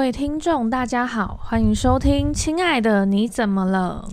各位聽眾，大家好，歡迎收聽。親愛的，你怎麼了？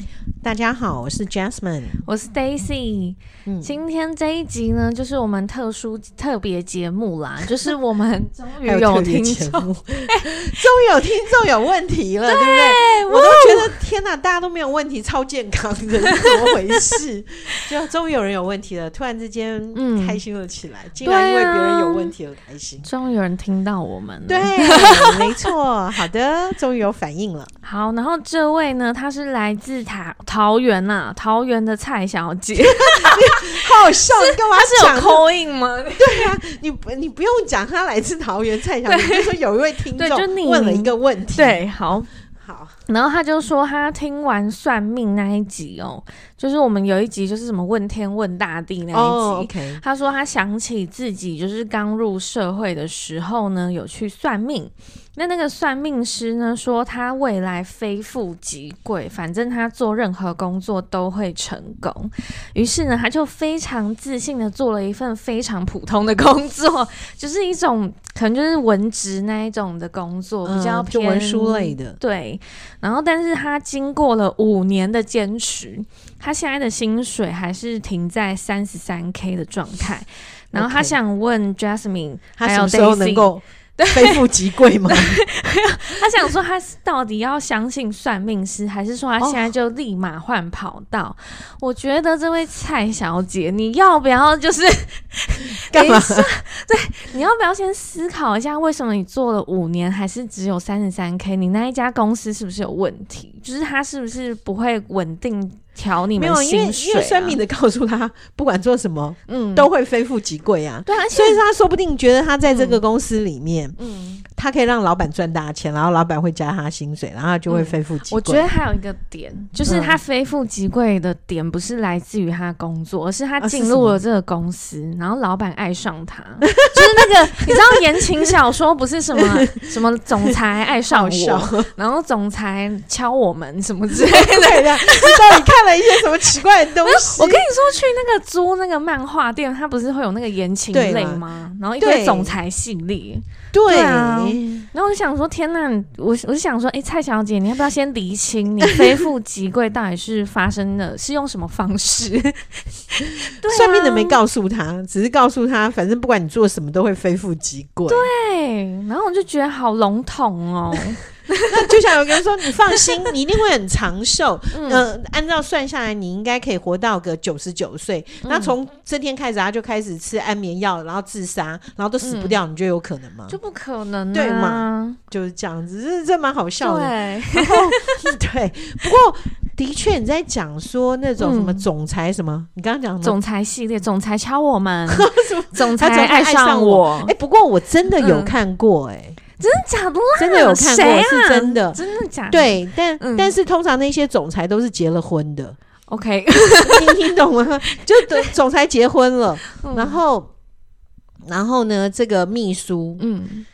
大家好，我是 Jasmine，我是 Daisy、嗯。今天這一集呢，就是我們特殊特別節目啦、嗯，就是我們終於有聽眾，終於有，有聽眾有問題了 對，對不對？我都覺得天哪、啊，大家都沒有問題，超健康的， 怎麼回事？就終於有人有問題了，突然之間，嗯，開心了起來，竟然因為別人有問題而、啊、開心。終於有人聽到我們了，對，欸、 沒錯，好的，終於有反應了。好，然後這位呢，他是來自塔桃園吶、啊，桃園的蔡小姐， 你好好笑，幹嘛是有 call in 嗎？對呀、啊，你你不用講，他來自桃園蔡小姐。就說有一位聽眾問了一個問題，對，好好。好然後他就說，他聽完算命那一集哦，就是我們有一集就是什麼問天問大地那一集，Oh, okay. 他說他想起自己就是剛入社會的時候呢，有去算命。那那個算命師呢說他未來非富即貴，反正他做任何工作都會成功。於是呢，他就非常自信的做了一份非常普通的工作，就是一種可能就是文職那一種的工作，比較偏、嗯、就文書類的，對。然後，但是他經過了五年的堅持，他現在的薪水還是停在三十三 k 的狀態。Okay. 然後他想問 Jasmine，他什麼時候能夠非富即貴嗎？他想說，他是到底要相信算命師， 還是說他現在就立馬換跑道？哦。我覺得這位蔡小姐，你要不要就是幹嘛？對，你要不要先思考一下，為什麼你做了五年還是只有三十三 K？你那一家公司是不是有問題？就是他是不是不會穩定調你們薪水、啊沒有？因為算命的告訴他，不管做什麼，嗯，都會非富即貴啊。對而且，所以他說不定覺得他在這個公司裡面，嗯，他可以讓老板賺大錢，然後老板會加他薪水，然後就會非富即貴、嗯。我覺得還有一個點，就是他非富即貴的點不是來自於他工作，而是他進入了這個公司，啊、然後老板愛上他， 就是那個你知道言情小說不是什麼 什麼總裁愛上我， 然後總裁敲我們。門什麼之類的， 對對 到底看了一些什麼奇怪的東西？ 我跟你說，去那個租那個漫畫店，它不是會有那個言情類嗎？啊、然後一個總裁系列，對啊。然後我就想說，天哪、啊！我我就想說，哎、欸，蔡小姐，你要不要先釐清，你非富即貴到底是發生了， 是用什麼方式？ 對啊、算命的沒告訴他，只是告訴他，反正不管你做什麼，都會非富即貴。對，然後我就覺得好籠統哦。 那就像有人說，你放心，你一定會很長壽。嗯、呃，按照算下來，你應該可以活到個九十九歲。那、嗯、從這天開始、啊，他就開始吃安眠藥，然後自殺，然後都死不掉，嗯、你覺得有可能嗎？就不可能、啊，對嗎？就是這樣子，這這蠻好笑的。對，然後對，不過的確你在講說那種什麼總裁什麼，嗯、你剛剛講總裁系列，總裁敲我們， 總裁愛上我。哎、啊欸，不過我真的有看過、欸，哎、嗯。真的假的，的？真的有看過，是真的，啊、真的假的？對，但、嗯、但是通常那些總裁都是結了婚的。OK， 聽，聽懂了，就總裁結婚了，然後然後呢，這個秘書嗯，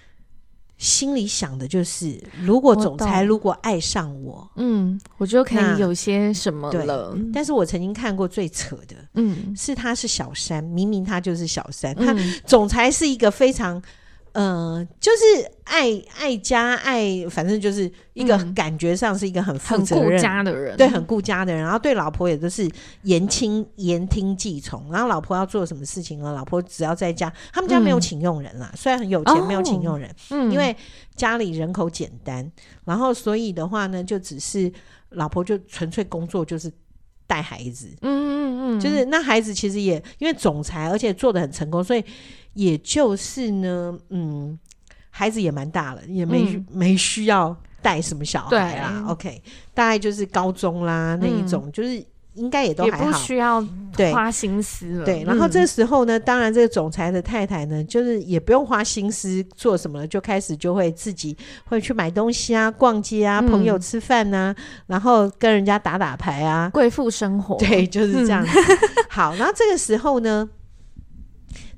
心裡想的就是，如果總裁如果愛上我，嗯，我就可以有些什麼了對。但是我曾經看過最扯的，嗯，是他是小三，明明他就是小三、嗯，他總裁是一個非常。嗯、呃，就是愛愛家愛，反正就是一個感覺上是一個很負責任，嗯、很顧家的人，對，很顧家的人。然後對老婆也都是言聽言聽計從。然後老婆要做什麼事情呢？老婆只要在家，他們家沒有請傭人啦、嗯。雖然很有錢，哦、沒有請傭人、嗯，因為家裡人口簡單、嗯。然後所以的話呢，就只是老婆就純粹工作，就是帶孩子。嗯嗯嗯，就是那孩子其實也因為總裁，而且做得很成功，所以。也就是呢，嗯，孩子也蠻大了，也沒、嗯、沒需要帶什麼小孩啊。OK，大概就是高中啦、嗯、那一種，就是應該也都還好，也不需要花心思了。對，嗯、對，然後這個時候呢、嗯，當然這個總裁的太太呢，就是也不用花心思做什麼了，就開始就會自己會去買東西啊、逛街啊、嗯、朋友吃飯啊，然後跟人家打打牌啊，貴婦生活。對，就是這樣子、嗯。好，那這個時候呢？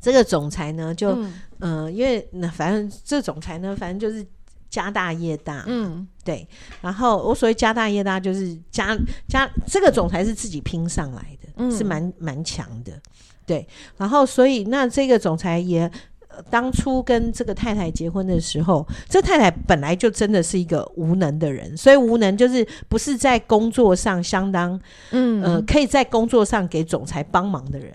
這個總裁呢，就嗯、呃，因為那反正這總裁呢，反正就是家大業大，嗯，對。然後我所謂家大業大，就是家家這個總裁是自己拼上來的，嗯、是蠻蠻強的，對。然後所以那這個總裁也、呃、當初跟這個太太結婚的時候，這太太本來就真的是一個無能的人，所以無能就是不是在工作上相當，嗯、呃，可以在工作上給總裁幫忙的人。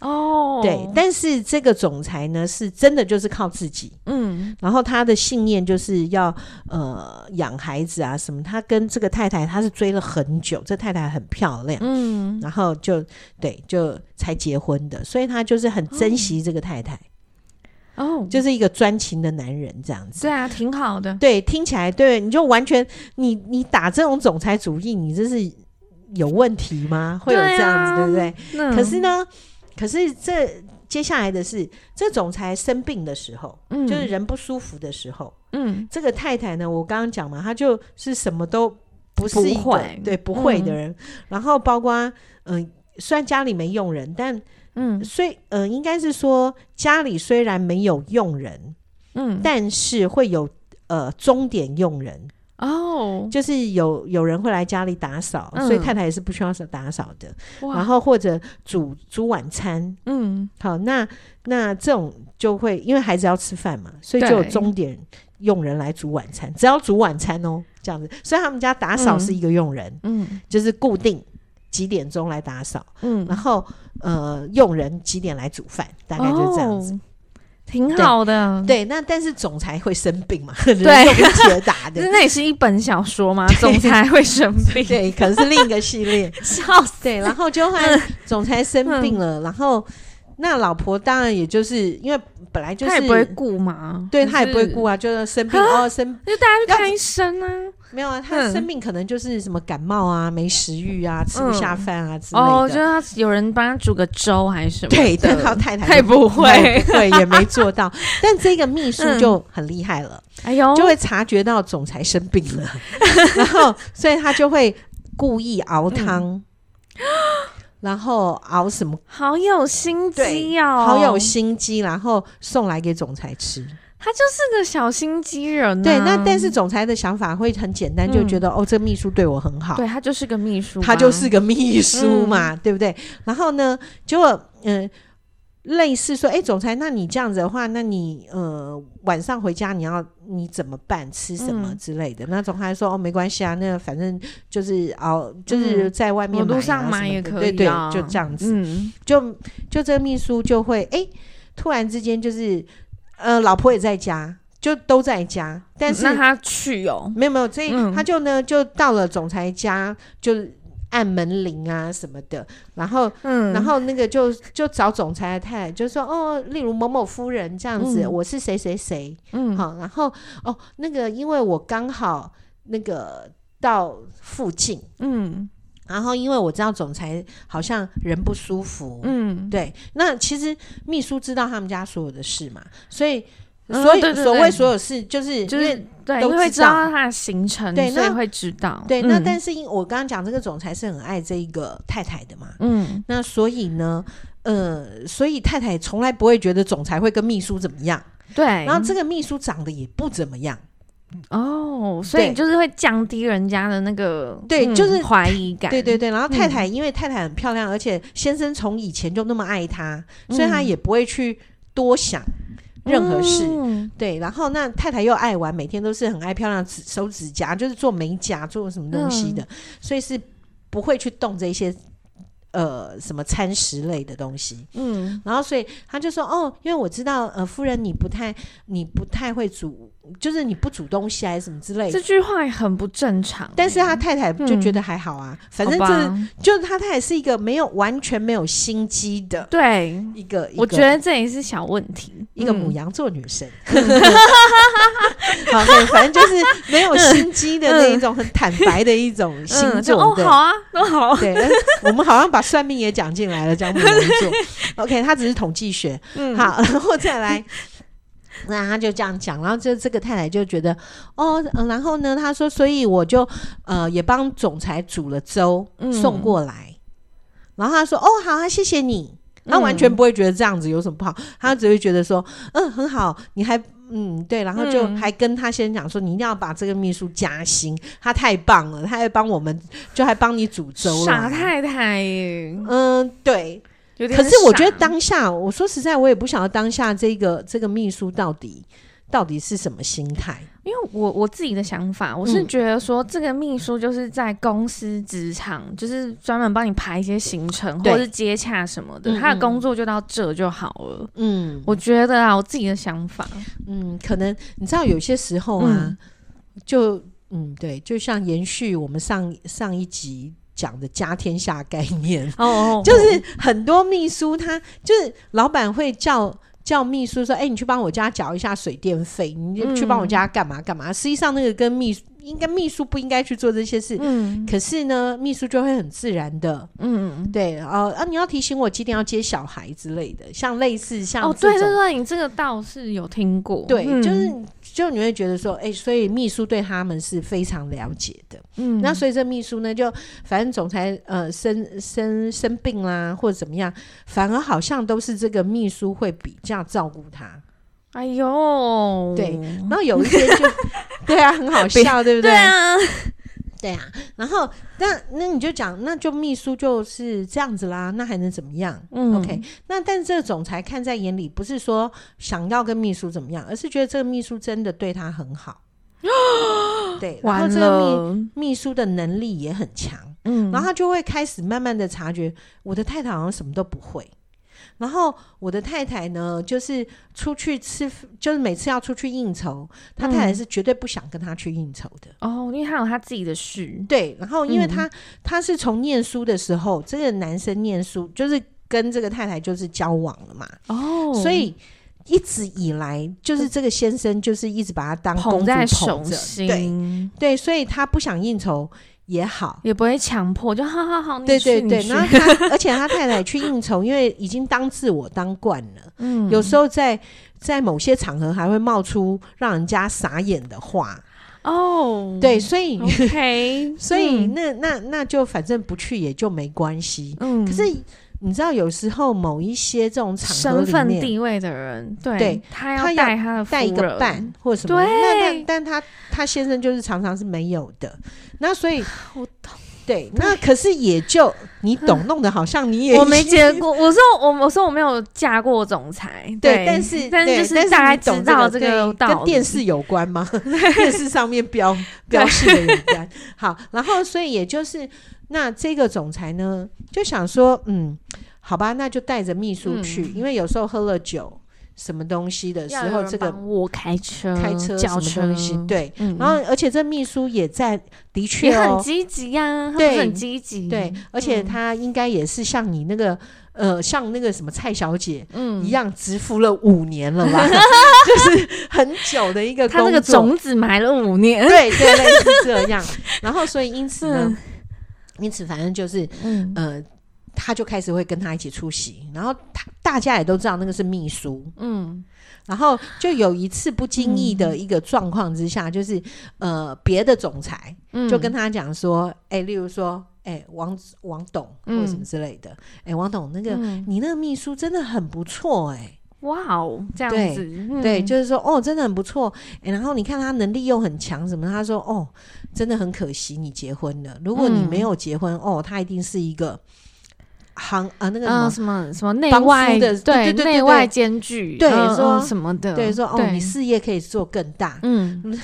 哦、oh.，對，但是這個總裁呢，是真的就是靠自己，嗯，然後他的信念就是要呃養孩子啊什麼，他跟這個太太他是追了很久，這個、太太很漂亮，嗯，然後就對，就才結婚的，所以他就是很珍惜這個太太，哦、oh.，就是一個專情的男人這樣子，oh. 對啊，挺好的，對，聽起來對，你就完全你你打這種總裁主義，你這是有問題嗎？會有這樣子對、啊、對不對、嗯？可是呢？可是這，這接下來的是這總裁生病的時候，嗯，就是人不舒服的時候，嗯，這個太太呢，我剛剛講嘛，她就是什麼都不是，會對不會的人，嗯、然後包括嗯、呃，雖然家裡沒傭人，但嗯，雖嗯、呃，應該是說家裡雖然沒有傭人，嗯，但是會有呃鐘點傭人。哦、oh，就是有有人會來家裡打掃，嗯，所以太太也是不需要打掃的。然後或者煮煮晚餐，嗯，好，那那這種就會因為孩子要吃飯嘛，所以就有鐘點傭人來煮晚餐，只要煮晚餐哦，這樣子。所以他們家打掃是一個傭人嗯，嗯，就是固定幾點鐘來打掃，嗯，然後呃傭人幾點來煮飯，大概就這樣子。哦挺好的，對，對，那但是總裁會生病嘛？對，被鐵打的， 那也是一本小說嘛？總裁會生病對，對，可能是另一個系列，笑，笑死對！然後就看、嗯、總裁生病了，嗯、然後。那老婆當然也就是因為本來就是，他也不會顧嘛，對他也不會顧啊，就是生病哦，生就大家就看醫生啊、嗯，沒有啊，他生病可能就是什麼感冒啊，沒食慾啊，吃不下飯啊、嗯、之類的。哦，就是他有人幫他煮個粥還是什麼？對，但老太太，太、太、太不會，對 也沒做到。但這個祕書就很厲害了，嗯、哎呦，就會察覺到總裁生病了， 然後所以他就會故意熬湯。嗯然後熬什麼？好有心機哦！好有心機，然後送來給總裁吃。他就是個小心機人。對，那但是總裁的想法會很簡單，就覺得哦，這個秘書對我很好。對，他就是個秘書，他就是個秘書嘛，對不對？然後呢，結果，嗯。類似說，哎、欸，總裁，那你這樣子的話，那你呃，晚上回家你要你怎麼辦？吃什麼之類的？嗯、那總裁說，哦，沒關係啊，那反正就是哦，就是在外面買、啊嗯、路上買，也可以、啊，對，對對，就這樣子。嗯，就就這個秘書就會，哎、欸，突然之間就是，呃，老婆也在家，就都在家，但是、嗯、那他去哦，沒有沒有，所以他就呢，就到了總裁家就。按門鈴啊什麼的，然後，嗯，然後那個就就找總裁的太太，就說哦，例如某某夫人這樣子，嗯、我是誰誰誰，嗯，好、哦，然後哦，那個因為我剛好那個到附近，嗯，然後因為我知道總裁好像人不舒服，嗯，對，那其實秘書知道他們家所有的事嘛，所以。嗯、所以，所謂所有事，就是就是對，對，對，因為都知道對，因為會知道他的行程，對，那，所以會知道。對，那但是，因為我剛剛講這個總裁是很愛這一個太太的嘛，嗯，那所以呢，呃，所以太太從來不會覺得總裁會跟秘書怎麼樣，對。然後這個秘書長得也不怎麼樣，哦，所以就是會降低人家的那個對、嗯，就是懷疑感，對，對對對。然後太太、嗯、因為太太很漂亮，而且先生從以前就那麼愛她、嗯，所以她也不會去多想。任何事，對，然後那太太又愛玩，每天都是很愛漂亮指，指手指甲就是做美甲，做什麼東西的，嗯，所以是不會去動這些呃什麼餐食類的東西。嗯，然後所以他就說，哦，因為我知道，呃，夫人你不太你不太會煮。就是你不煮東西還什麼之類的。這句話也很不正常，欸。但是他太太就覺得還好啊，嗯、反正這就是就他太太是一個沒有完全沒有心機的，對，一個，一個我覺得這也是小問題。一個牡羊座女生，嗯、 好，對、okay，反正就是沒有心機的那一種很坦白的一種星座，嗯嗯。哦，好啊，那好， 對，但是我們好像把算命也講進來了，講牡羊座。OK，他只是統計學。嗯，好，然後再來。那他就這樣講，然後這這個太太就覺得哦、嗯，然後呢，他說，所以我就呃也幫總裁煮了粥、嗯、送過來，然後他說哦好啊，謝謝你，他完全不會覺得這樣子有什麼不好，嗯、他只會覺得說嗯很好，你還嗯對，然後就還跟他先講說、嗯、你一定要把這個秘書加薪，他太棒了，他還幫我們就還幫你煮粥了，傻太太，嗯對。是，可是我覺得當下，我說實在，我也不曉得當下這個這個秘書到底到底是什麼心態。因為我我自己的想法，我是覺得說這個秘書就是在公司職場、嗯，就是專門幫你排一些行程或者是接洽什麼的、嗯，他的工作就到這就好了。嗯，我覺得啊，我自己的想法，嗯，可能你知道，有些時候啊，嗯就嗯，對，就像延續我們上上一集，講的家天下概念，哦、oh， 就是很多秘書他就是老闆會叫叫秘書說，哎、欸，你去幫我家繳一下水電費，你去幫我家幹嘛幹嘛？嗯、實際上那個跟秘書應該秘書不應該去做這些事，嗯、可是呢，秘書就會很自然的，嗯對，呃、啊，你要提醒我幾點要接小孩之類的，像類似像這種哦，對對對，你這個倒是有聽過，對，嗯、就是。就你會覺得說，哎、欸，所以秘書對他們是非常了解的，嗯，那所以這秘書呢，就反正總裁呃，生生生病啦，或者怎麼樣，反而好像都是這個秘書會比較照顧他。哎呦，對，然後有一天就， 對啊，很好笑，對不對？對啊。對啊，然後那那你就講，那就秘書就是這樣子啦，那還能怎麼樣？嗯，OK，那但這個總裁看在眼裡，不是說想要跟秘書怎麼樣，而是覺得這個秘書真的對他很好。哦，對，然後這個秘秘書的能力也很強，嗯，然後他就會開始慢慢的察覺，我的太太好像什麼都不會。然後我的太太呢，就是出去吃，就是每次要出去應酬，嗯、他太太是絕對不想跟他去應酬的。哦，因為他有他自己的事。對，然後因為他、嗯、他是從念書的時候，這個男生念書就是跟這個太太就是交往了嘛。哦，所以一直以來就是這個先生就是一直把他當公主捧著，捧在手心，對對，所以他不想應酬。也好，也不會強迫，就好好好。對對對，然後他， 而且他太太去應酬，因為已經當自我當慣了，嗯，有時候在在某些場合還會冒出讓人家傻眼的話哦。對，所以 OK， 所以、嗯、那那那就反正不去也就沒關係。嗯，可是。你知道有時候某一些這種場合裡面，身份地位的人，對，對他要帶他的服務，帶一個伴或什麼，對那，但但他他先生就是常常是沒有的，那所以。 我懂對，那可是也就你懂，弄得好像你也是、嗯、我沒見過，我說我我說我沒有嫁過總裁，對，對但是但是，是大家知道這個道理對、這個、對跟電視有關嗎？ 電視上面標 標示的有關。好，然後所以也就是那這個總裁呢，就想說，嗯，好吧，那就帶着秘書去、嗯，因為有時候喝了酒。什麼東西的時候，這個我開車、開車、東西。對、嗯，然後而且這秘書也在，的確、喔、也很積極呀，很積極，對，對，而且他應該也是像你那個呃，像那個什麼蔡小姐，嗯，一樣，蟄伏了五年了吧、嗯，就是很久的一個，他這個種子埋了五年，對，對，對類似這樣，然後所以因此，嗯、因此反正就是，嗯呃，他就開始會跟他一起出席，然後他。大家也都知道那個是秘書，嗯，然後就有一次不經意的一個狀況之下，嗯、就是呃別的總裁、嗯、就跟他講說，哎、欸，例如說，哎、欸、王王董或什麼之類的，哎、嗯欸、王董，那個、嗯、你那個秘書真的很不錯，哎，哇哦，這樣子，對，嗯、對就是說哦真的很不錯、欸，然後你看他能力又很強什麼，他說哦真的很可惜你結婚了，如果你沒有結婚，嗯、哦他一定是一個。行啊，那個什麼什麼什麼內外的對對對，對對對，內外兼具，對、嗯、對說、嗯、什麼的，對說哦，對你事業可以做更大，嗯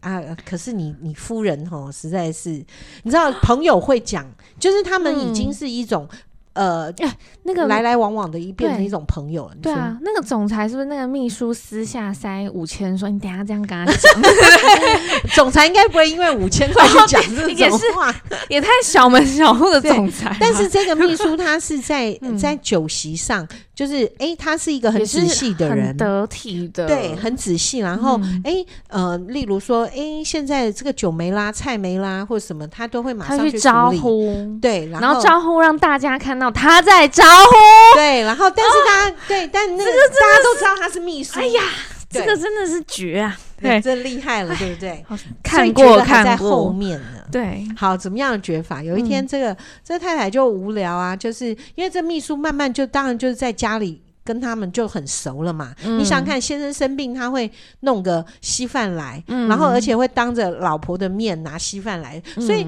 啊，可是你你夫人哦，實在是，嗯、你知道朋友會講，就是他們已經是一種。嗯呃、啊，那個來來往往的，一變成一種朋友了。對啊，那個總裁是不是那個秘書私下塞五千，說你等下這樣跟他講？ 總裁應該不會因為五千塊就講這種話，哦也，也太小門小戶的總裁啊。但是這個秘書他是在 嗯、在酒席上，就是哎、欸，他是一個很仔細的人，很得體的，對，很仔細。然後哎、嗯欸，呃，例如說哎、欸，現在這個酒沒啦，菜沒啦，或者什麼，他都會馬上去招呼。對，然後招呼讓大家看到。他在招呼，對，然後但是他、哦、對，但那個大家都知道他是秘書。哎呀，這個真的是絕啊！對，這、嗯、厲害了，對不對？看過，看在後面了。對，好，怎麼樣的絕法？嗯、有一天、這個，這個這太太就無聊啊，就是因為這秘書慢慢就當然就是在家裡跟他們就很熟了嘛。嗯、你想看先生生病，他會弄個稀飯來、嗯，然後而且會當着老婆的面拿稀飯來，嗯、所以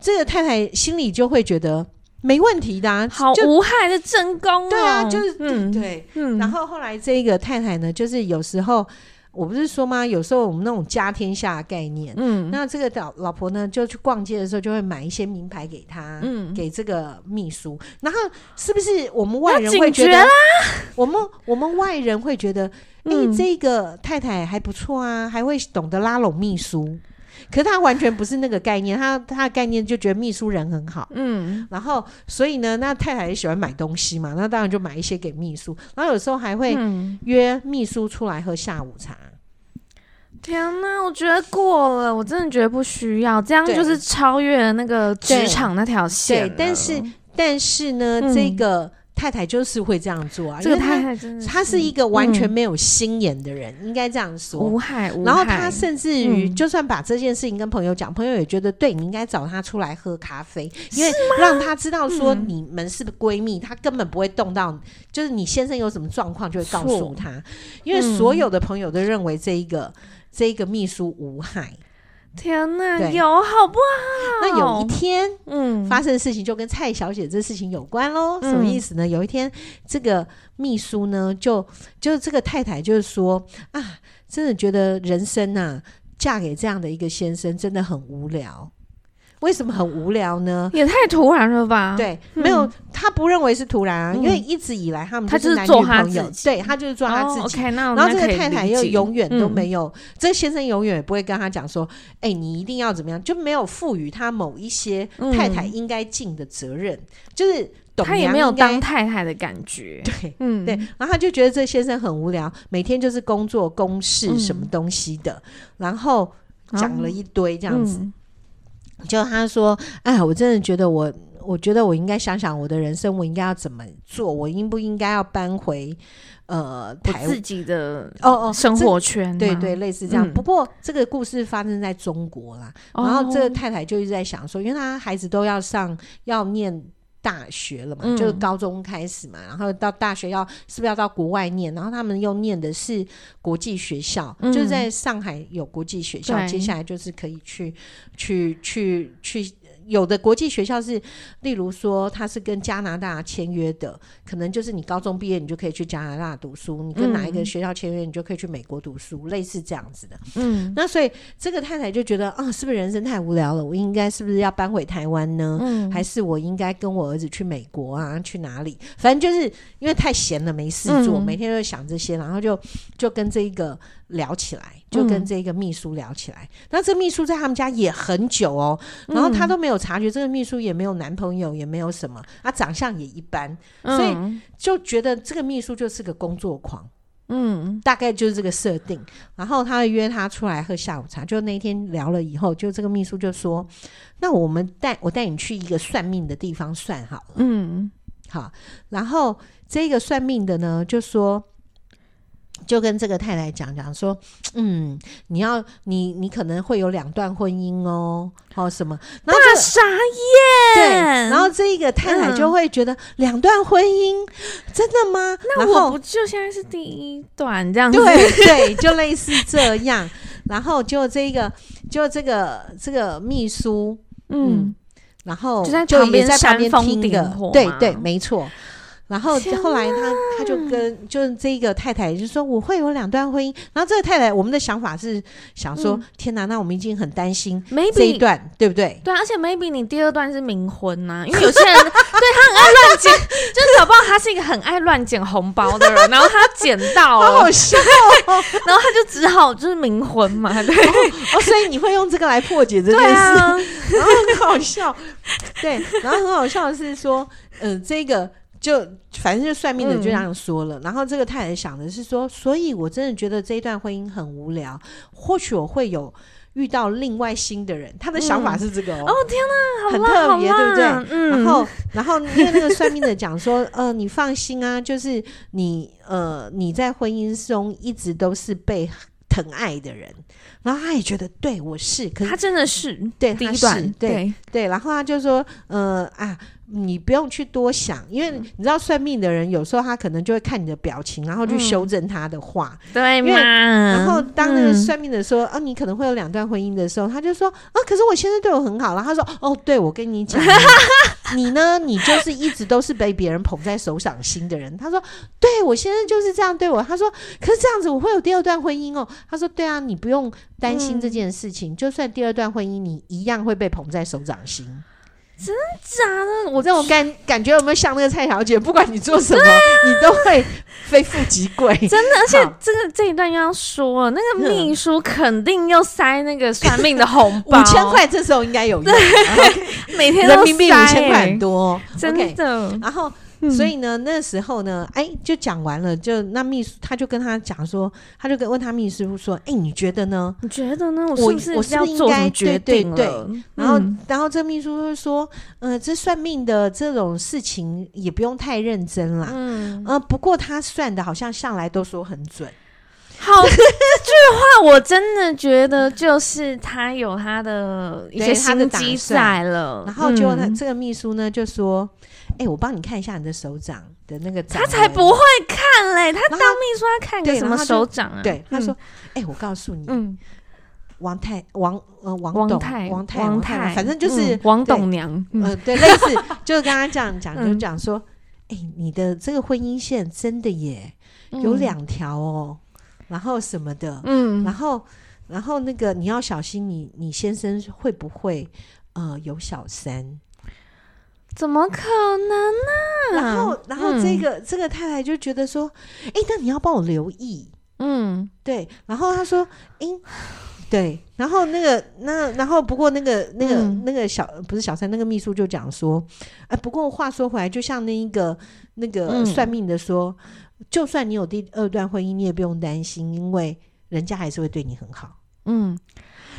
這個太太心裡就會覺得。沒問題的啊，好無害的正宮。對啊，就是嗯對，嗯。然後後來這個太太呢，就是有時候我不是說嗎？有時候我們那種家天下概念，嗯，那這個老老婆呢，就去逛街的時候就會買一些名牌給他，嗯，給這個祕書。然後是不是我們外人會覺得我們，啊，我們我們外人會覺得，哎，這個太太還不錯啊，還會懂得拉攏祕書。可是他完全不是那個概念，他他的概念就覺得秘書人很好，嗯，然後所以呢，那太太也喜歡買東西嘛，那當然就買一些給秘書，然後有時候還會約秘書出來喝下午茶。嗯，天哪，我覺得過了，我真的覺得不需要，這樣就是超越了那個職場那條線。對，對，但是，但是呢，這個。嗯太太就是會這樣做啊，這個、太太真的因為她她，是一個完全沒有心眼的人，嗯、應該這樣說。無害，無害，然後她甚至於就算把這件事情跟朋友講、嗯，朋友也覺得對，你應該找她出來喝咖啡，因為讓她知道說你們是閨蜜，她、嗯、根本不會動到，就是你先生有什麼狀況就會告訴她，因為所有的朋友都認為這一個、嗯、這一個秘書無害。天吶，有好不好？那有一天，嗯，發生的事情就跟蔡小姐這事情有關嘍、嗯。什麼意思呢？有一天，這個秘書呢，就就是這個太太，就是說啊，真的覺得人生啊，嫁給這樣的一個先生，真的很無聊。為什麼很無聊呢？也太突然了吧？對、嗯，沒有，他不認為是突然啊，因為一直以來他們就是做他自己，對、嗯、他就是做他自己。哦、okay, 然後這個太太又永遠都沒有、嗯，這先生永遠也不會跟他講說，哎、欸，你一定要怎麼樣，就沒有賦予他某一些太太應該盡的責任，嗯、就是懂、他也沒有當太太的感覺。對，嗯，對，然後他就覺得這先生很無聊，每天就是工作公事什麼東西的，嗯、然後講了一堆這樣子。嗯嗯就他說：“哎，我真的覺得我，我覺得我應該想想我的人生，我應該要怎麼做？我應不應該要搬回呃他自己的哦哦生活圈、啊？哦、對，對對，類似這樣、嗯。不過這個故事發生在中國啦。然後這個太太就一直在想說，哦、因為她孩子都要上，要念。”大學了嘛，就是高中開始嘛，嗯，然後到大學要，是不是要到國外念？然後他們又念的是國際學校，嗯，就是在上海有國際學校，接下來就是可以去去去去。去去有的國際學校是，例如說，他是跟加拿大簽約的，可能就是你高中畢業，你就可以去加拿大讀書；你跟哪一個學校簽約，你就可以去美國讀書，類似這樣子的。嗯，那所以這個太太就覺得啊，是不是人生太無聊了？我應該是不是要搬回台灣呢？嗯，還是我應該跟我兒子去美國啊？去哪裡？反正就是因為太閒了，沒事做，每天都想這些，然後就就跟這個。聊起來，就跟這個秘書聊起來。嗯、那這秘書在他們家也很久哦、喔嗯，然後他都沒有察覺，這個秘書也沒有男朋友，也沒有什麼，他長相也一般，所以就覺得這個秘書就是個工作狂。嗯，大概就是這個設定、嗯。然後他約他出來喝下午茶，就那天聊了以後，就這個秘書就說：“那我們帶我帶你去一個算命的地方算好了。”嗯，好。然後這個算命的呢，就說。就跟這個太太講講說，嗯，你要你你可能會有兩段婚姻哦，好、哦、什麼？這個、大傻眼。對，然後這一個太，太太就會覺得兩、嗯、段婚姻真的嗎？那我不就現在是第一段這樣子？對對，就類似這樣。 然後就這個，就這個這個秘書，嗯，嗯然後就在旁邊在旁邊聽的，對對，沒錯。然後後來他他就跟就是這一個太太，就說我會有兩段婚姻。然後這個太太，我們的想法是想說：天哪，那我們已經很擔心。maybe 這一段、嗯、對不對？對、啊、而且 maybe 你第二段是冥婚吶、啊，因為有些人 對他很愛亂撿， 就找不到。他是一個很愛亂撿紅包的人， 然後他撿到，好好笑、哦。 然後他就只好就是冥婚嘛，然後、 哦哦、所以你會用這個來破解這件事，啊、然後很好笑。 對，然後很好笑的是說，呃這個。就反正算命的就這樣說了，嗯、然後這個太太想的是說，所以我真的覺得這一段婚姻很無聊，或許我會有遇到另外新的人。嗯、他的想法是這個哦，哦天哪，很特別，對不對？嗯。然後，然後因為那個算命的講說， 呃，你放心啊，就是你呃你在婚姻中一直都是被疼愛的人。然後他也覺得對我是，可是他真的是對第一段對對，對，然後他就說，呃啊。你不用去多想，因為你知道算命的人有時候他可能就會看你的表情，然後去修正他的話，對、嗯、嗎？因為然後當那個算命的說、嗯、啊，你可能會有兩段婚姻的時候，他就說啊，可是我先生對我很好。然後他說哦，對我跟你講，你呢，你就是一直都是被別人捧在手掌心的人。他說，對我先生就是這樣對我。他說，可是這樣子我會有第二段婚姻哦。他說，對啊，你不用擔心這件事情、嗯，就算第二段婚姻，你一樣會被捧在手掌心。真的，我在我感感覺有沒有像那個蔡小姐？不管你做什麼，啊、你都會非富即貴。真的，而且這個這一段又要說了，那個秘書肯定要塞那個算命的紅包， 五千塊這時候應該有。對， 每天都塞人民幣五千塊很多，真的。Okay, 然後。所以呢，那時候呢，哎、欸，就講完了，就那秘書他就跟他講說，他就跟問他秘書說，哎、欸，你覺得呢？你覺得呢？我是不是要做出決定了，是是對對對對。然後，然後這秘書就說，呃，這算命的這種事情也不用太認真啦。嗯，呃，不過他算的好像向來都說很準。好，這句話我真的覺得就是他有他的一些心機在了。然後就問他這個秘書呢就說。哎、欸，我幫你看一下你的手掌的那個，他才不會看嘞！他當面說他看個什麼手掌啊？對，嗯、他說：“哎、欸，我告訴你、嗯，王太王呃王董王太，王太，王，太王太，反正就是王董娘，嗯，對，對呃、對 類似就是剛剛這樣講，就講說，哎、 欸，你的這個婚姻線真的耶、嗯、有兩條哦，然後什麼的，嗯，然後然後那個你要小心你，你你先生會不會呃有小三？”怎麼可能呢？然後，然後這個、嗯、這個太太就覺得說，哎、欸，那你要幫我留意，嗯，對。然後他說，嗯、欸，對。然後那個那然後不過那個那個、嗯、那個小不是小三那個秘書就講說，哎、呃，不過話說回來，就像那一個那個算命的說、嗯，就算你有第二段婚姻，你也不用擔心，因為人家還是會對你很好。嗯，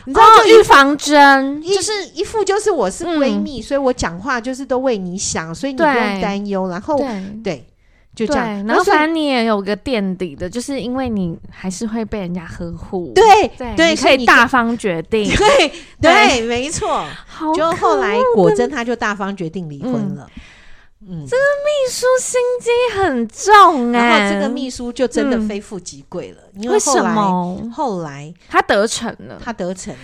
你知道哦、預防針，就是一副就是我是閨蜜、嗯，所以我講話就是都為你想，所以你不用擔憂。然後對，對，就這樣對。然後反正你也有個墊底的，就是因為你還是會被人家呵護。對對，對你可以大方決定。對對，沒錯。就後來果真，他就大方決定離婚了。嗯嗯，這個秘書心機很重哎、欸，然後這個秘書就真的非富即貴了，嗯、因為，為什麼？後來他得逞了，他得逞，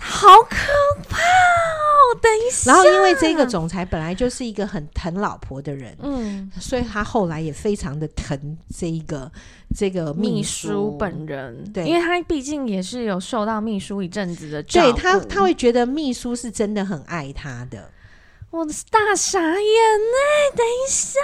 好可怕哦！等一下，然後因為這個總裁本來就是一個很疼老婆的人，嗯，所以他後來也非常的疼這一個這個秘書，秘書本人，對，因為他畢竟也是有受到秘書一陣子的照顧，對他他會覺得秘書是真的很愛他的。我是大傻眼哎！等一下，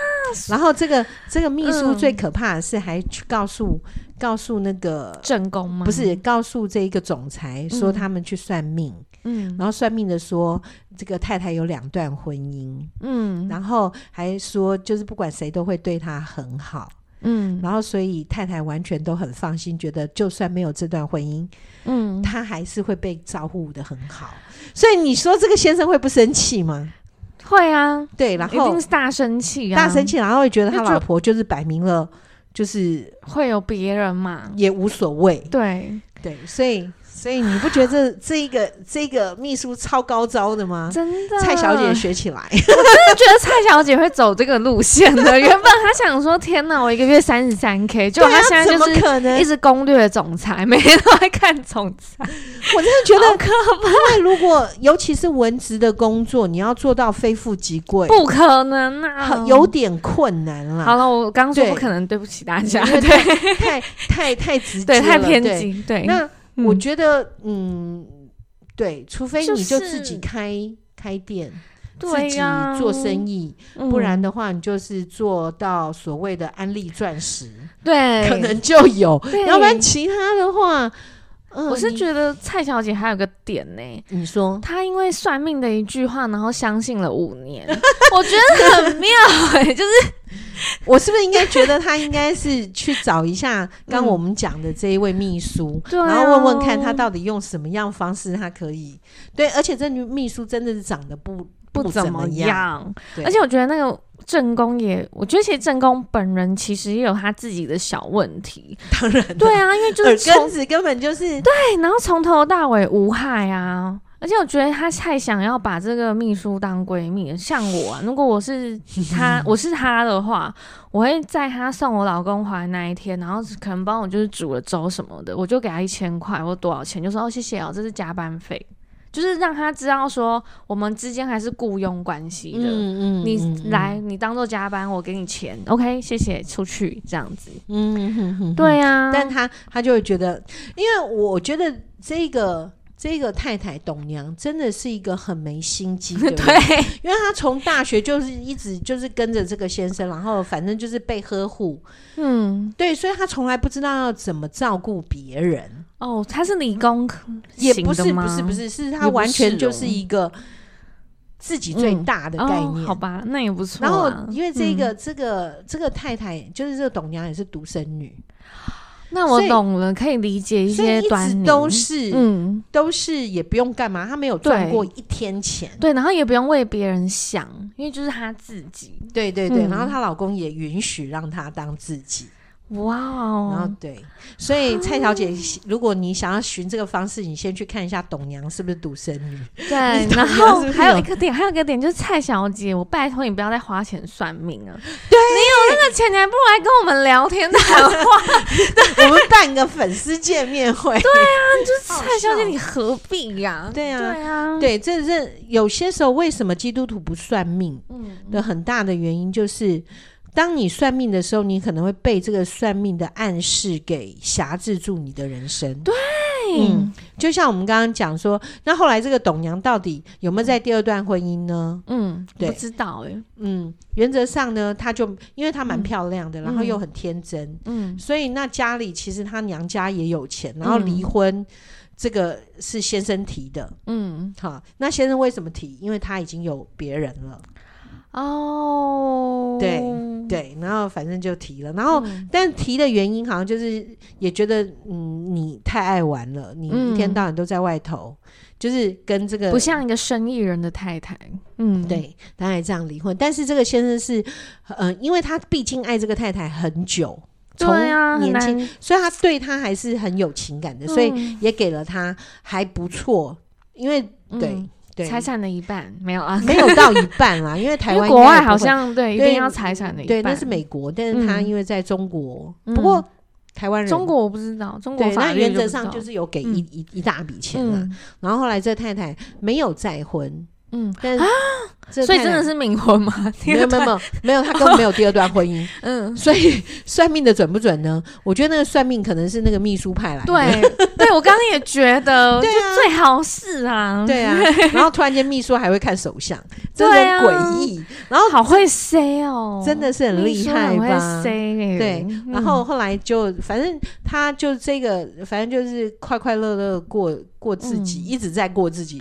然後這個這個秘書最可怕的是，還去告訴、嗯、告訴那個正宮嗎？不是，告訴這一個總裁說他們去算命嗯。嗯，然後算命的說這個太太有兩段婚姻。嗯，然後還說就是不管誰都會對她很好。嗯，然後所以太太完全都很放心，覺得就算沒有這段婚姻，嗯，她還是會被照顧的很好。所以你說這個先生會不生氣嗎？會啊，對，然後一定是大生氣啊，大生氣，然後會覺得他老婆就是擺明了就是會有別人嘛，也無所謂，對對，所以。所以你不覺得這、這個這個秘書超高招的嗎？真的，蔡小姐學起來，我真的覺得蔡小姐會走這個路線的。 原本她想說：“天哪，我一個月三十三 K，就她現在就是一直攻略總裁，每天都在看總裁。”我真的覺得可怕，如果尤其是文職的工作，你要做到非富即貴，不可能啊，有點困難了、嗯。好了，我剛說不可能對，對不起大家，對，太太太直接，太偏激了，對。對對，那嗯、我覺得，嗯，對，除非你就自己開、就是、開店對、啊，自己做生意，嗯、不然的話，你就是做到所謂的安利鑽石，對，可能就有，要不然其他的話、呃，我是覺得蔡小姐還有個點呢、欸，你說，她因為算命的一句話，然後相信了五年， 我覺得很妙、欸，哎，就是。 我是不是應該覺得他應該是去找一下剛我們講的這一位秘書、 嗯啊，然後問問看他到底用什麼樣方式他可以？對，而且這女秘書真的是長得不不怎麼樣，怎麼樣，而且我覺得那個正宮也，我覺得其實正宮本人其實也有他自己的小問題。當然，對啊，因為就是耳根子根本就是對，然後從頭到尾無害啊。而且我覺得她太想要把這個秘書當閨蜜了。像我、啊，如果我是她， 我是她的話，我會在她送我老公回來那一天，然後可能幫我就是煮了粥什麼的，我就給她一千塊或多少錢，就說：“哦，謝謝哦，這是加班費。”就是讓她知道說我們之間還是僱傭關係的。嗯嗯，你來，嗯、你當做加班，我給你錢。嗯、OK，謝謝，出去這樣子。嗯哼哼哼，對呀、啊，但她她就會覺得，因為我覺得這個。這個太太董娘真的是一個很沒心機，對， 對，因為她從大學就是一直就是跟着這個先生，然後反正就是被呵護，嗯，對，所以她從來不知道要怎麼照顧別人。哦，她是理工科，也不是，不是，不是，是她完全就是一個自己最大的概念，哦嗯哦、好吧，那也不錯、啊。然後，因為這個、嗯，這個，這個太太就是這個董娘也是獨生女。那我懂了，可以理解一些端。所以一直都是，嗯，都是也不用幹嘛，她沒有賺過一天錢，對，然後也不用為別人想，因為就是她自己。對對對，嗯、然後她老公也允許讓她當自己。哇哦，然後對，所以蔡小姐，嗯、如果你想要尋這個方式，你先去看一下董娘是不是獨生女？對 是是，然後還有一個點，還有一個點就是蔡小姐，我拜托你不要再花錢算命了、啊。對。真的，錢你還不如來跟我們聊天談話， 對笑我們辦個粉絲見面會。 對啊，就是蔡小姐，你何必呀、啊？哦、對啊，對啊，對，這這有些時候為什麼基督徒不算命的很大的原因，就是當你算命的時候，你可能會被這個算命的暗示給挾制住你的人生。對。嗯，就像我們剛剛講說，那後來這個董娘到底有沒有在第二段婚姻呢？嗯，對，不知道哎。嗯，原則上呢，她就因為她蠻漂亮的、嗯，然後又很天真，嗯，所以那家裡其實她娘家也有錢，然後離婚這個是先生提的。嗯，好，那先生為什麼提？因為他已經有別人了。哦、oh，對對，然後反正就提了，然後、嗯、但提的原因好像就是也覺得嗯，你太愛玩了，你一天到晚都在外頭，嗯、就是跟這個不像一個生意人的太太，嗯，對，他還這樣離婚。但是這個先生是，嗯、呃，因為他畢竟愛這個太太很久，從年輕、對啊，所以他對他還是很有情感的，嗯、所以也給了他還不錯，因為對。嗯對，財產的一半沒有啊，沒有到一半啦，因為台灣國外好像對，對一定要財產的一半，對，那是美國，但是他因為在中國，嗯、不過台灣人中國我不知道，中國反正原則上就是有給一一、嗯、一大筆錢嘛、嗯，然後後來這太太沒有再婚。嗯，但，所以真的是冥婚嗎？沒有沒有沒有， 他根本沒有第二段婚姻。 嗯，所以算命的準不準呢？我覺得那個算命可能是那個秘書派來的。對， 對我剛剛也覺得， 對啊，就最好是啊。對啊， 然後突然間秘書還會看手相，真的很詭異。啊、然後好會塞哦，真的是很厲害很會塞哎，對，嗯。然後後來就反正他就這個，反正就是快快樂樂，樂過過自己，嗯，一直在過自己。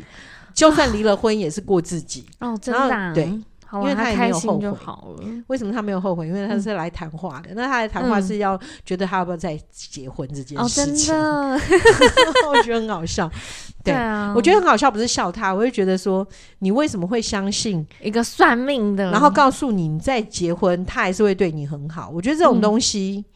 就算離了婚也是過自己哦，真的，啊、然後對，因為他也沒有後悔。他開心就好了，為什麼他沒有後悔？因為他是來談話的，嗯、那他的談話是要覺得他要不要再結婚這件事情。嗯哦、真的， 我覺得很好笑對。對啊，我覺得很好笑，不是笑他，我就覺得說，你為什麼會相信一個算命的，然後告訴你你再結婚他還是會對你很好？我覺得這種東西。嗯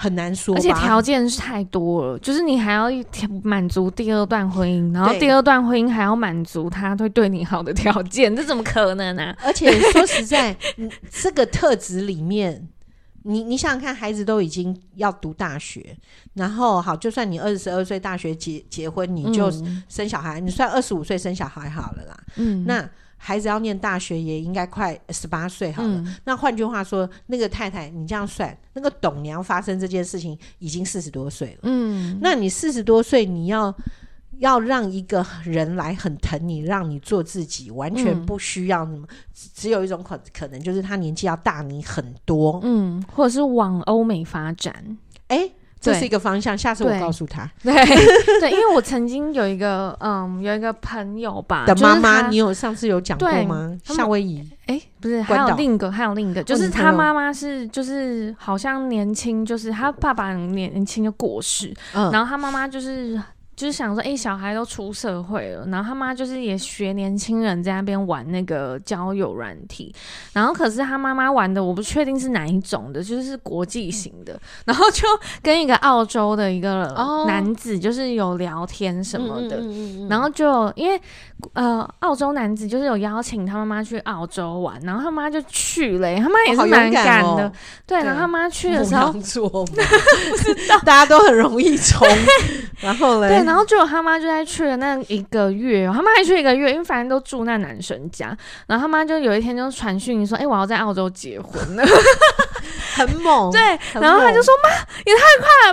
很難說，而且條件是太多了，就是你還要一滿足第二段婚姻，然後第二段婚姻還要滿足他會對，對你好的條件，這怎麼可能呢、啊？而且說實在， 這個特質裡面，你你想想看，孩子都已經要讀大學，然後好，就算你二十二歲大學結結婚，你就生小孩，嗯、你算二十五歲生小孩好了啦。嗯，那。孩子要念大學也應該快十八歲好了。嗯、那換句話說，那個太太，你這樣算，那個董娘發生這件事情已經四十多歲了。嗯，那你四十多歲，你要要讓一個人來很疼你，讓你做自己，完全不需要什麼，嗯、只有一種可可能就是他年紀要大你很多。嗯，或者是往歐美發展？哎、欸。這是一個方向，下次我告訴他。對，對， 對，因為我曾經有一個，嗯，有一個朋友吧，的媽媽、就是，你有上次有講過嗎？夏威夷，哎、欸，不是，還有另一個，還有另一個，就是他媽媽是，就是好像年輕，就是他爸爸很年輕就過世，然後他媽媽就是。就是想說，哎、欸，小孩都出社會了，然後他媽就是也學年輕人在那邊玩那個交友軟體，然後可是他媽媽玩的我不確定是哪一種的，就是國際型的，然後就跟一個澳洲的一個男子就是有聊天什麼的，哦嗯、然後就因為呃澳洲男子就是有邀請他媽媽去澳洲玩，然後他媽就去了、欸，他媽也是蠻、哦、敢的、哦，對，然後他媽去的時候，不 知道 大家都很容易衝。然後嘞，對，然後就後他媽就在去了那一個月，他媽還去一個月，因為反正都住那男生家。然後他媽就有一天就傳訊說：“哎、欸，我要在澳洲結婚了， 很猛。對”對，然後他就說：“媽，也太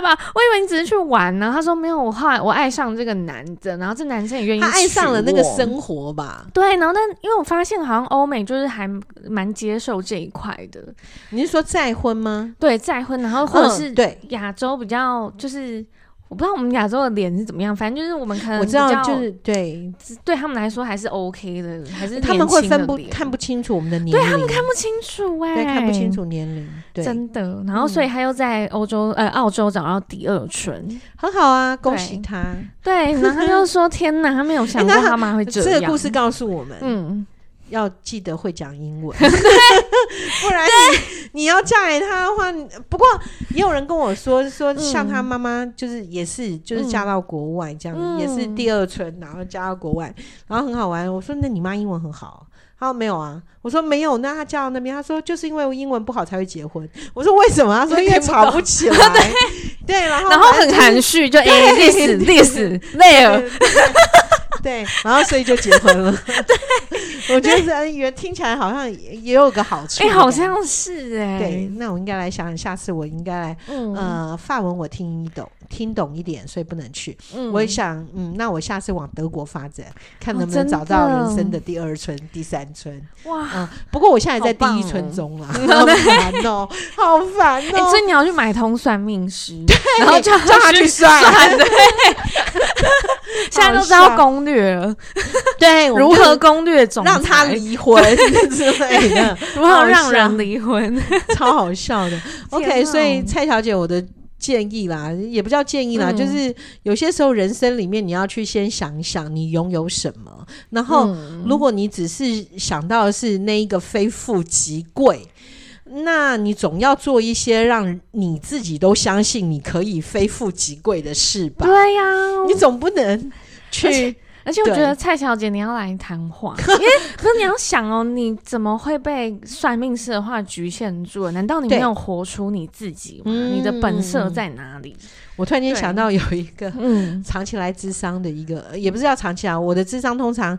快了吧！我以為你只是去玩呢。”他說：“沒有，我後來我愛上這個男的，然後這男生也願意。”他愛上了那個生活吧？對，然後但因為我發現好像歐美就是還蠻接受這一塊的。你是說再婚嗎？對，再婚，然後或者是對亞洲比較就是。我不知道我們亞洲的臉是怎麼樣，反正就是我們看，我知道就是對是對他們來說還是 OK 的，還是他們會分不，看不清楚我們的年齡，對他們看不清楚哎、欸，看不清楚年齡，對，真的。然後所以他又在歐洲、嗯、呃澳洲找到第二春，很好啊，恭喜他。對， 對然後他又說 天哪，他沒有想過他媽會這樣、欸。這個故事告訴我們，嗯，要記得會講英文， 不然。你要嫁給他的話，不過也有人跟我說說，像他媽媽就是也是就是嫁到國外這樣，嗯、也是第二春，然後嫁到國外、嗯，然後很好玩。我說那你媽英文很好，他說沒有啊。我說沒有，那他嫁到那邊，他說就是因為英文不好才會結婚。我說為什麼？他說因為吵不起來 對。對，然後然後很含蓄，就哎、欸，歷史歷史沒有。 對，然後所以就結婚了。 對，我覺得是，原聽起來好像也，也有個好處。哎、欸，好像是哎、欸。對，那我應該來想，想，下次我應該來、嗯，呃，發文我聽一抖。聽懂一點，所以不能去，嗯。我也想，嗯，那我下次往德國發展，看能不能找到人生的第二春、第三春，哦。哇，嗯！不過我現在在第一春中了，啊，好煩哦， 好煩煩哦。 哎哦欸，所以你要去買通算命師，然後叫叫他去算。 對笑現在都知道攻略了，對，如何攻略總裁，讓他離婚之類 對對 的，然後讓人離婚 超好笑的。啊，OK，所以蔡小姐，我的。建議啦，也不叫建議啦、嗯，就是有些時候人生裡面你要去先想一想你擁有什麼，然後如果你只是想到的是那一個非富即貴，那你總要做一些讓你自己都相信你可以非富即貴的事吧。對、嗯、呀，你總不能去。而且我覺得蔡小姐，你要來談話，因為 可是你要想哦，你怎麼會被算命師的話局限住了？難道你沒有活出你自己嗎？你的本色在哪裡？嗯、我突然間想到有一個長期來諮商的一個，嗯、也不是叫長期來，我的諮商通常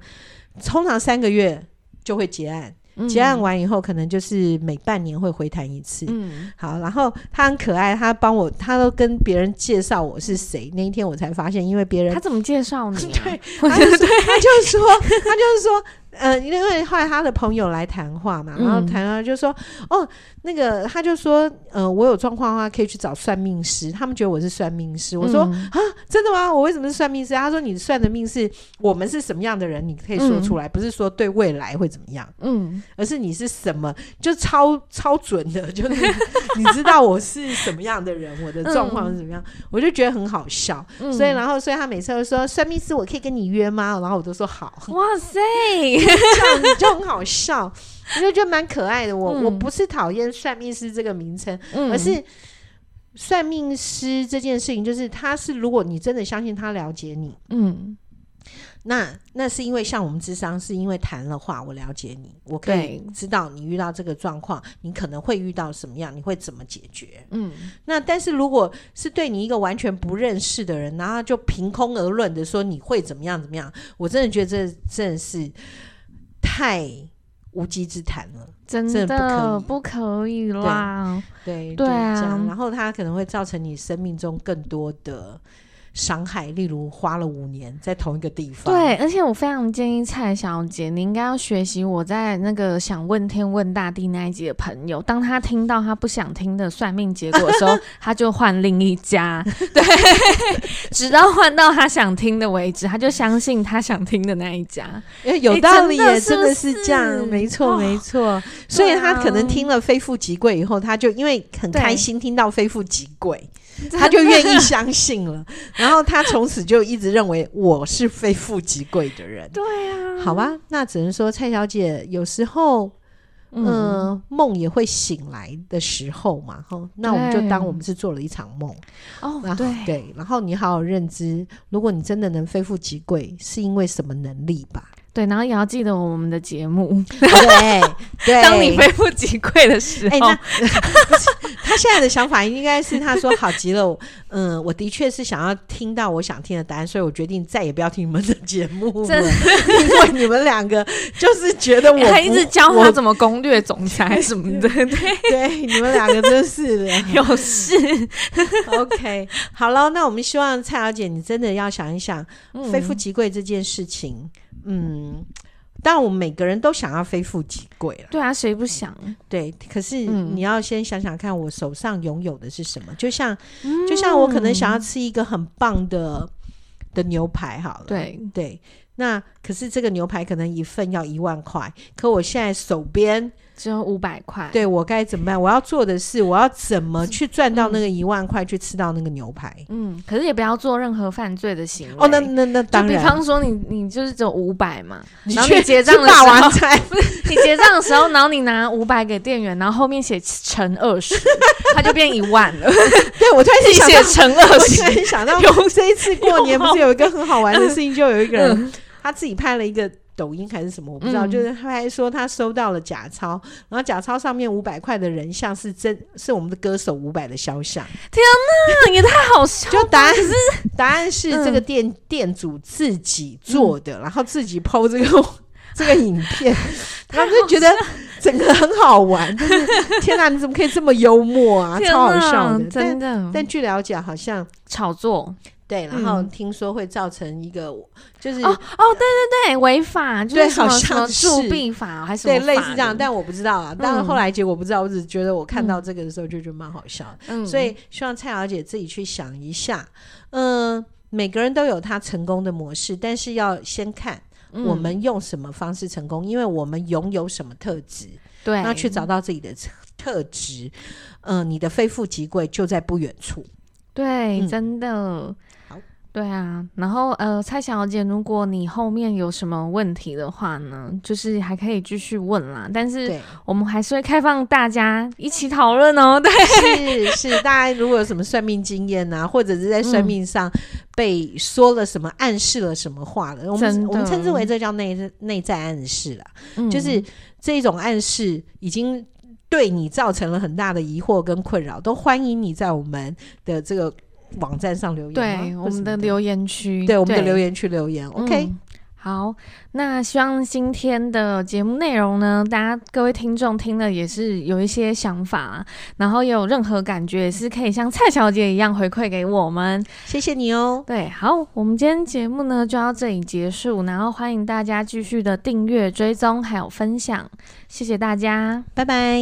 通常三個月就會結案。結案完以後，可能就是每半年會回談一次。嗯，好，然後他很可愛，他幫我，他都跟別人介紹我是誰、嗯。那一天我才發現，因為別人他怎麼介紹你啊？對，他對他 他，他就說，他就說。呃，因為後來他的朋友來談話嘛，然後談了就說、嗯，哦，那個他就說，呃，我有狀況的話可以去找算命師，他們覺得我是算命師。我說啊、嗯，真的嗎？我為什麼是算命師？他說你算的命是我們是什麼樣的人，你可以說出來、嗯，不是說對未來會怎麼樣，嗯，而是你是什麼，就超超準的，就是你知道我是什麼樣的人， 我的狀況是怎麼樣、嗯，我就覺得很好笑。嗯、所以然後，所以他每次都說算命師，我可以跟你約嗎？然後我都說好。哇塞！這樣子 就很好笑，我 就覺得蠻可愛的。我、嗯、我不是討厭算命師這個名稱、嗯，而是算命師這件事情，就是他是如果你真的相信他了解你，嗯，那那是因為像我們諮商，是因為談了話，我了解你，我可以知道你遇到這個狀況，你可能會遇到什麼樣，你會怎麼解決，嗯。那但是如果是對你一個完全不認識的人，然後就憑空而論的說你會怎麼樣怎麼樣，我真的覺得這真的是。太無稽之談了，真，真的不可以啦！對對，對啊，這樣然後它可能會造成你生命中更多的傷害，例如花了五年在同一個地方。對，而且我非常建議蔡小姐，你應該要學習我在那個想問天問大地那一集的朋友，當他聽到他不想聽的算命結果的時候，他 就換另一家，對， 直到換到他想聽的為止，他就相信他想聽的那一家，因為有道理耶，欸、真的，真的是這樣，沒錯沒錯。所以他可能聽了非富即貴以後，他就因為很開心聽到非富即貴，他就願意相信了。然後。 然後他從此就一直認為我是非富即貴的人。對啊，好吧，那只能說蔡小姐有時候，嗯，夢、呃、也會醒來的時候嘛。那我們就當我們是做了一場夢。哦，然後對對，然後你好好認知，如果你真的能非富即貴，是因為什麼能力吧？對，然後也要記得我們的節目。 Okay, 對，當你非富即貴的時候。欸 他現在的想法應該是，他說：“好極了，嗯，我的確是想要聽到我想聽的答案，所以我決定再也不要聽你們的節目了，因 為你們兩個就是覺得我……他一直教我，我怎麼攻略總裁什麼的， 對，對，對，對，你們兩個真是的，又 是有事笑 OK。好了，那我們希望蔡小姐，你真的要想一想，嗯、非富即貴這件事情，嗯。”但我們每個人都想要非富即貴了，對啊，誰不想？嗯，對，可是你要先想想看，我手上擁有的是什麼。嗯，就像，就像我可能想要吃一個很棒的的牛排，好了，對對。那可是這個牛排可能一份要一萬塊，可我現在手邊只有五百塊，對我該怎麼辦？我要做的是，我要怎麼去賺到那個一萬塊，去吃到那個牛排。嗯，嗯，可是也不要做任何犯罪的行為。哦，那那那當然，比方說你你就是只有五百嘛，然後你去結賬的時候，去 你結賬的時候，然後你拿五百給店員，然後後面寫乘二十，它就變一萬了。 對我突然間想到乘二十，我突然想到，這一次過年不是有一個很好玩的事情，就有一個人。 嗯他自己拍了一個抖音還是什麼，我不知道，嗯、就是他還說他收到了假鈔，然後假鈔上面五百塊的人像是真，是我們的歌手五百的肖像。天哪，也太好笑！ 就答案是答案是這個店，嗯、店主自己做的，嗯、然後自己 po 這個 這個影片，他 就覺得整個很好玩就是。天哪，你怎麼可以這麼幽默啊？超好笑的，真的。但據了解，好像炒作。對，然後聽說會造成一個，嗯、就是哦哦，對對對，違法，就是什麼常數並法還是對類似這樣，但我不知道啊。當、嗯、然後來結果不知道，我只覺得我看到這個的時候就覺得蠻好笑的。嗯，所以希望蔡小姐自己去想一下。嗯、呃，每個人都有他成功的模式，但是要先看我們用什麼方式成功，嗯、因為我們擁有什麼特質。對，那去找到自己的特特質。嗯、呃，你的非富即貴就在不遠處。對、嗯，真的。好，對啊。然後，呃，蔡小姐，如果你後面有什麼問題的話呢，就是還可以繼續問啦。但是，我們還是會開放大家一起討論哦。對，是是，大家如果有什麼算命經驗吶、啊， 或者是在算命上被說了什麼、嗯、暗示了什麼話的，我們我們稱之為這叫內內在暗示啦。嗯、就是這種暗示已經。對你造成了很大的疑惑跟困擾，都歡迎你在我們的這個網站上留言。對，留言。對，我們的留言區留言，對我們的留言區留言，OK。嗯。好，那希望今天的節目內容呢，大家各位聽眾聽了也是有一些想法，然後也有任何感覺也是可以像蔡小姐一樣回饋給我們，謝謝你哦。對，好，我們今天節目呢就到這裡結束，然後歡迎大家繼續的訂閱、追蹤還有分享，謝謝大家，拜拜。